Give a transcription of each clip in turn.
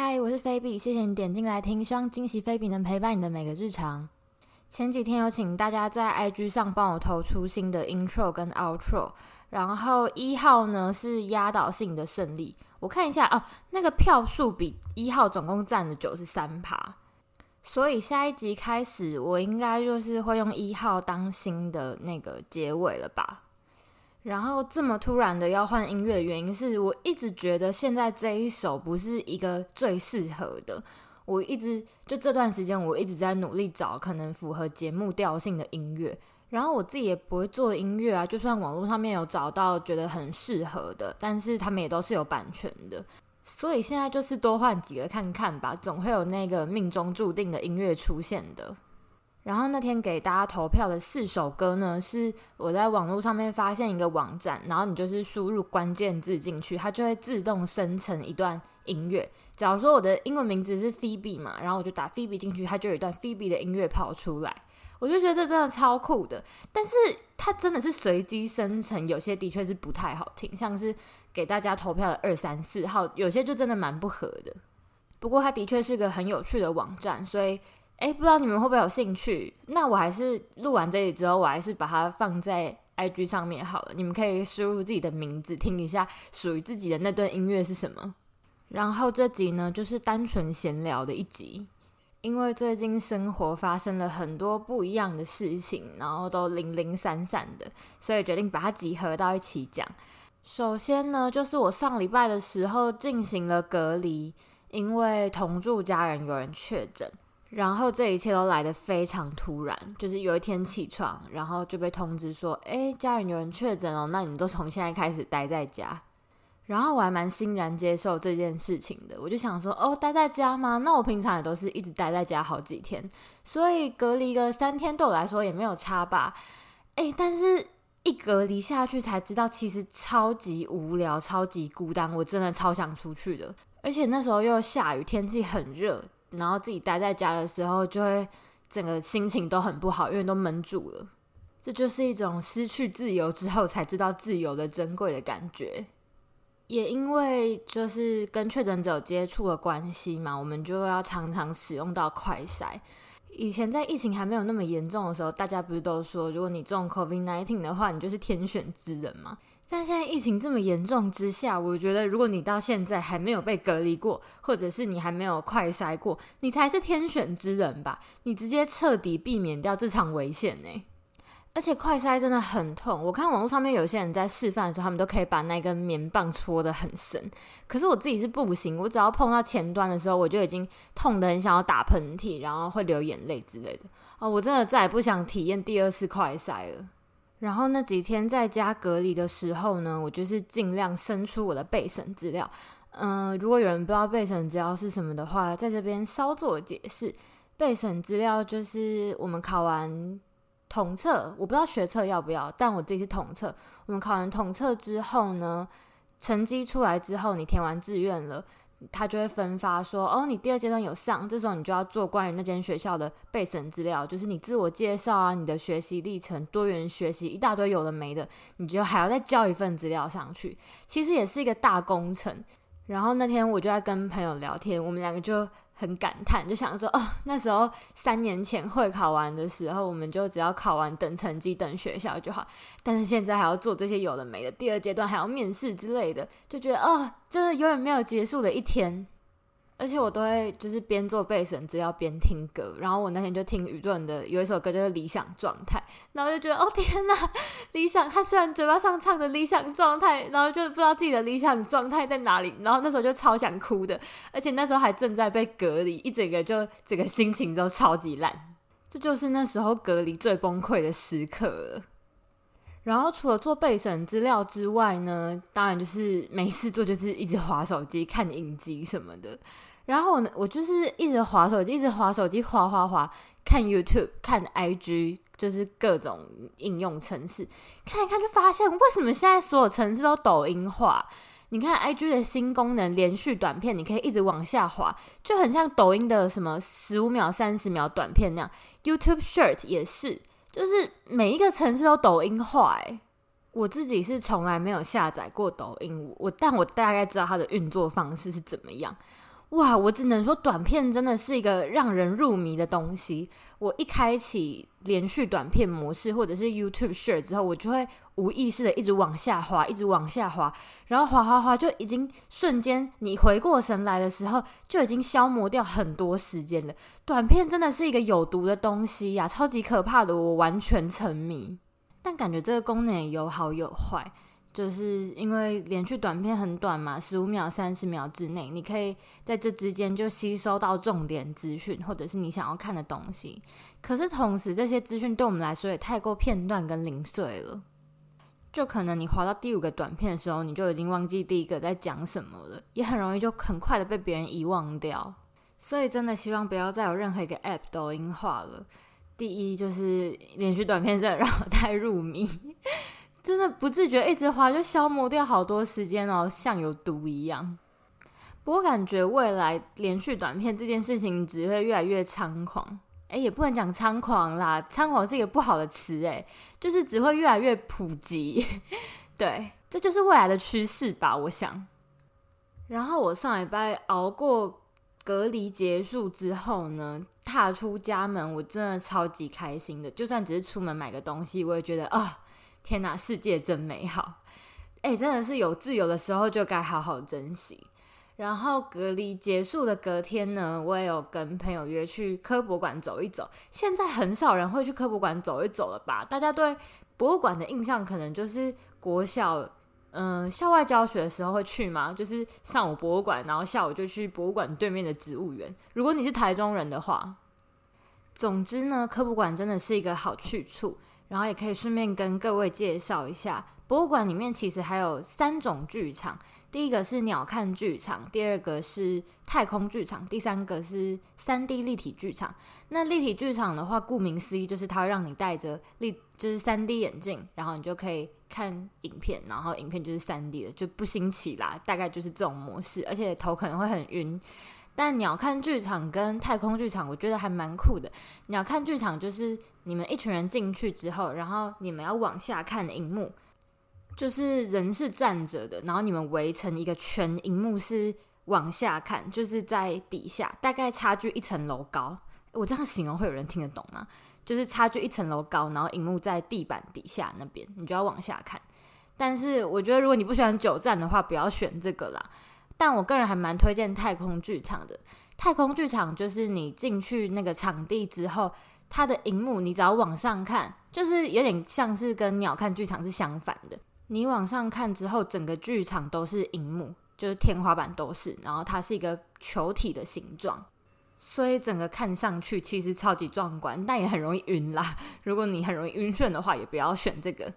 嗨，Hi, 我是菲比，謝謝你點進來聽，希望今昔菲比能陪伴你的每個日常。前幾天有請大家在 IG 上幫我投出新的 Intro 跟 Outro，然後一號呢是壓倒性的勝利，我看一下哦，那個票數比一號總共佔了九十三趴，所以下一集開始我應該就是會用一號當新的那個結尾了吧。然後這麼突然的要換音樂的原因是，我一直覺得現在這一首不是一個最適合的。我一直，就這段時間，我一直在努力找可能符合節目調性的音樂。然後我自己也不會做音樂啊，就算網絡上面有找到覺得很適合的，但是他們也都是有版權的。所以現在就是多換幾個看看吧，總會有那個命中注定的音樂出現的。然後那天給大家投票的四首歌呢，是我在網絡上面發現一個網站，然後你就是輸入關鍵字進去，它就會自動生成一段音樂。假如說我的英文名字是 Phoebe 嘛，然後我就打 Phoebe 進去，它就有一段 Phoebe 的音樂跑出來。我就覺得這真的超酷的，但是它真的是隨機生成，有些的確是不太好聽，像是給大家投票的二三四號，有些就真的蠻不合的。不過它的確是個很有趣的網站，所以。哎，不知道你們會不會有興趣？那我還是錄完這裡之後，我還是把它放在 IG 上面好了。你們可以輸入自己的名字，聽一下屬於自己的那段音樂是什麼。然後這集呢，就是單純閒聊的一集，因爲最近生活發生了很多不一樣的事情，然後都零零散散的，所以決定把它集合到一起講。首先呢，就是我上禮拜的時候進行了隔離，因爲同住家人有人確診。然後這一切都來得非常突然，就是有一天起床，然後就被通知說，哎，家裡有人確診哦，那你們都從現在開始待在家。然後我還蠻欣然接受這件事情的，我就想說，哦，待在家嗎？那我平常也都是一直待在家好幾天，所以隔離個三天對我來說也沒有差吧。哎，但是一隔離下去才知道，其實超級無聊，超級孤單，我真的超想出去的。而且那時候又下雨，天氣很熱。然後自己待在家的時候，就會整個心情都很不好，因為都悶住了。這就是一種失去自由之後才知道自由的珍貴的感覺。也因為就是跟確診者接觸的關係嘛，我們就要常常使用到快篩。以前在疫情還沒有那麼嚴重的時候，大家不是都說，如果你中 COVID-19 的話，你就是天選之人嘛。但現在疫情這麼嚴重之下，我覺得如果你到現在還沒有被隔離過，或者是你還沒有快篩過，你才是天選之人吧？你直接徹底避免掉這場危險呢、欸。而且快篩真的很痛，我看網絡上面有些人在示範的時候，他們都可以把那根棉棒搓得很深。可是我自己是不行，我只要碰到前端的時候，我就已經痛得很想要打噴嚏，然後會流眼淚之類的。哦，我真的再也不想體驗第二次快篩了。然後那幾天在家隔離的時候呢，我就是盡量生出我的備審資料。嗯、呃，如果有人不知道備審資料是什麼的話，在這邊稍作解釋。備審資料就是我們考完統測，我不知道學測要不要，但我自己是統測，我們考完統測之後呢，成績出來之後，你填完志願了。他就會分發說：“哦，你第二階段有上，這時候你就要做關於那間學校的備審資料，就是你自我介紹啊，你的學習歷程、多元學習一大堆有的沒的，你就還要再交一份資料上去，其實也是一個大工程。”然後那天我就在跟朋友聊天，我們兩個就很感嘆，就想說哦，那時候三年前會考完的時候，我們就只要考完等成績、等學校就好，但是現在還要做這些有的沒的，第二階段還要面試之類的，就覺得哦，真、就是永遠沒有結束的一天。而且我都會就是邊做備審資料邊聽歌，然後我那天就聽宇宙人的有一首歌就是《理想狀態》，然後就覺得哦天哪，理想他雖然嘴巴上唱的理想狀態，然後就不知道自己的理想狀態在哪裡，然後那時候就超想哭的，而且那時候還正在被隔離，一整個就整個心情都超級爛，這就是那時候隔離最崩潰的時刻。然後除了做備審資料之外呢，當然就是沒事做就是一直滑手機、看影集什麼的。然後我呢，我就是一直滑手機，一直滑手機，滑滑滑，看 YouTube，看 IG，就是各種應用程式，看一看就發現為什麼現在所有程式都抖音化。你看 IG 的新功能，連續短片，你可以一直往下滑，就很像抖音的什麼十五秒、三十秒短片那樣。YouTube Shorts 也是，就是每一個程式都抖音化、欸。我自己是從來沒有下載過抖音，我但我大概知道它的運作方式是怎麼樣。哇，我只能說短片真的是一個讓人入迷的東西。我一開啟連續短片模式或者是 YouTube share 之後，我就會無意識地一直往下滑，一直往下滑，然後滑滑滑，就已經瞬間你回過神來的時候，就已經消磨掉很多時間了。短片真的是一個有毒的東西呀、啊，超級可怕的，我完全沉迷。但感覺這個功能有好有壞。就是因為連續短片很短嘛，十五秒、三十秒之內，你可以在這之間就吸收到重點資訊，或者是你想要看的東西。可是同時，這些資訊對我們來說也太過片段跟零碎了，就可能你滑到第五個短片的時候，你就已經忘記第一個在講什麼了，也很容易就很快的被別人遺忘掉。所以真的希望不要再有任何一個 App 抖音化了。第一就是連續短片真的讓我太入迷。真的不自覺一直滑，就消磨掉好多時間哦，像有毒一樣。不過感覺未來連續短片這件事情只會越來越猖狂，哎，也不能講猖狂啦，猖狂是一個不好的詞，哎，就是只會越來越普及。 對，這就是未來的趨勢吧，我想。然後我上禮拜熬過隔離結束之後呢，踏出家門，我真的超級開心的，就算只是出門買個東西，我也覺得啊。哦天吶，世界真美好！哎、欸，真的是有自由的時候就該好好珍惜。然後隔離結束的隔天呢，我也有跟朋友約去科博館走一走。現在很少人會去科博館走一走了吧？大家對博物館的印象可能就是國校，嗯、呃，校外教學的時候會去嗎？就是上午博物館，然後下午就去博物館對面的植物園。如果你是台中人的話，總之呢，科博館真的是一個好去處。然後也可以順便跟各位介紹一下，博物館裡面其實還有三種劇場，第一個是鳥瞰劇場，第二個是太空劇場，第三個是三 D 立體劇場。那立體劇場的話，顧名思義就是它會讓你戴着立，就是三 D 眼鏡，然後你就可以看影片，然後影片就是三 D 的，就不新奇啦，大概就是這種模式，而且頭可能會很暈。但鳥瞰劇場跟太空劇場，我覺得還蠻酷的。鳥瞰劇場就是你們一群人進去之後，然後你們要往下看的熒幕，就是人是站着的，然後你們圍成一個圈，熒幕是往下看，就是在底下，大概差距一層樓高。我這樣形容會有人聽得懂嗎？就是差距一層樓高，然後熒幕在地板底下那邊，你就要往下看。但是我覺得，如果你不喜歡久站的話，不要選這個啦。但我個人還蠻推薦太空劇場的。太空劇場就是你進去那個場地之後，它的熒幕你只要往上看，就是有點像是跟鳥瞰劇場是相反的。你往上看之後，整個劇場都是熒幕，就是天花板都是，然後它是一個球體的形狀，所以整個看上去其實超級壯觀，但也很容易暈啦。如果你很容易暈眩的話，也不要選這個。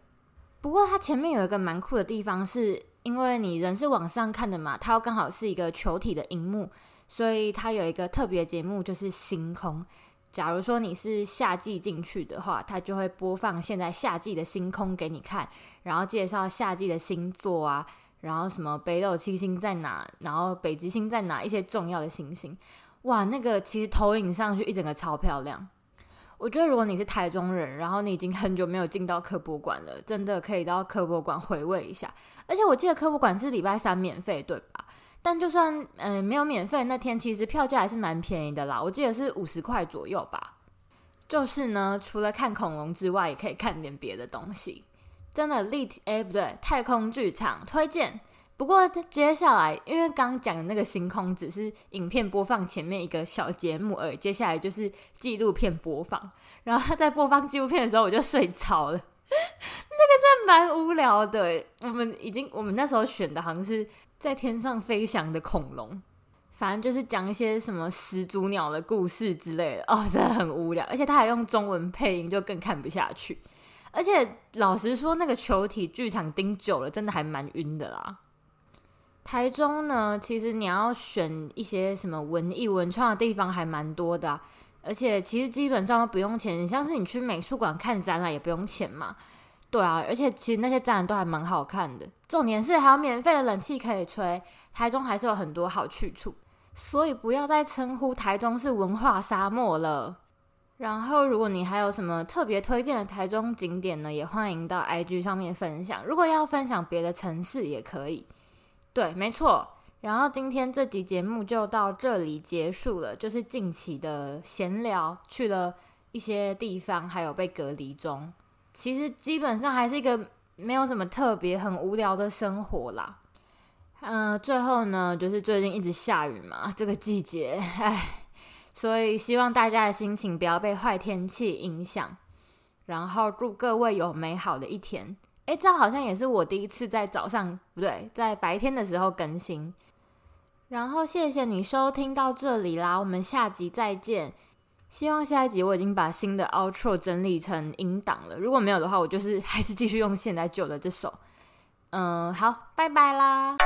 不過它前面有一個蠻酷的地方是。因為你人是往上看的嘛，它剛好是一個球體的熒幕，所以它有一個特別節目就是星空。假如說你是夏季進去的話，它就會播放現在夏季的星空給你看，然後介紹夏季的星座啊，然後什麼北斗七星在哪，然後北極星在哪，一些重要的星星。哇，那個其實投影上去一整個超漂亮。我覺得如果你是台中人，然後你已經很久沒有進到科博館了，真的可以到科博館回味一下。而且我記得科博館是禮拜三免費，對吧？但就算嗯、呃、沒有免費，那天其實票價還是蠻便宜的啦。我記得是五十塊左右吧。就是呢，除了看恐龍之外，也可以看點別的東西。真的立體誒，不對，太空劇場推薦。不過接下來，因為剛剛講的那個星空只是影片播放前面一個小節目而已，接下來就是紀錄片播放。然後他在播放紀錄片的時候，我就睡着了。 那個真的蠻無聊的。我們已經，我們那時候選的好像是在天上飛翔的恐龍，反正就是講一些什麼始祖鳥的故事之類的。哦，真的很無聊。而且他還用中文配音，就更看不下去。而且老實說，那個球體劇場盯久了，真的還蠻暈的啦。台中呢，其實你要選一些什麼文藝文創的地方還蠻多的啊，而且其實基本上都不用錢，像是你去美術館看展覽也不用錢嘛。對啊，而且其實那些展覽都還蠻好看的，重點是還有免費的冷氣可以吹。台中還是有很多好去處，所以不要再稱呼台中是文化沙漠了。然後，如果你還有什麼特別推薦的台中景點呢，也歡迎到 IG 上面分享。如果要分享別的城市也可以。對，沒錯。然後今天這集節目就到這裡結束了，就是近期的閒聊，去了一些地方，還有被隔離中。其實基本上還是一個沒有什麼特別很無聊的生活啦。嗯、呃，最後呢，就是最近一直下雨嘛，這個季節，哎，所以希望大家的心情不要被壞天氣影響。然後祝各位有美好的一天。誒、欸，這好像也是我第一次在早上不對，在白天的時候更新。然後謝謝你收聽到這裡啦，我們下集再見。希望下一集我已經把新的 outro 整理成音檔了。如果沒有的話，我就是還是繼續用現在舊的這首。嗯，好，拜拜啦。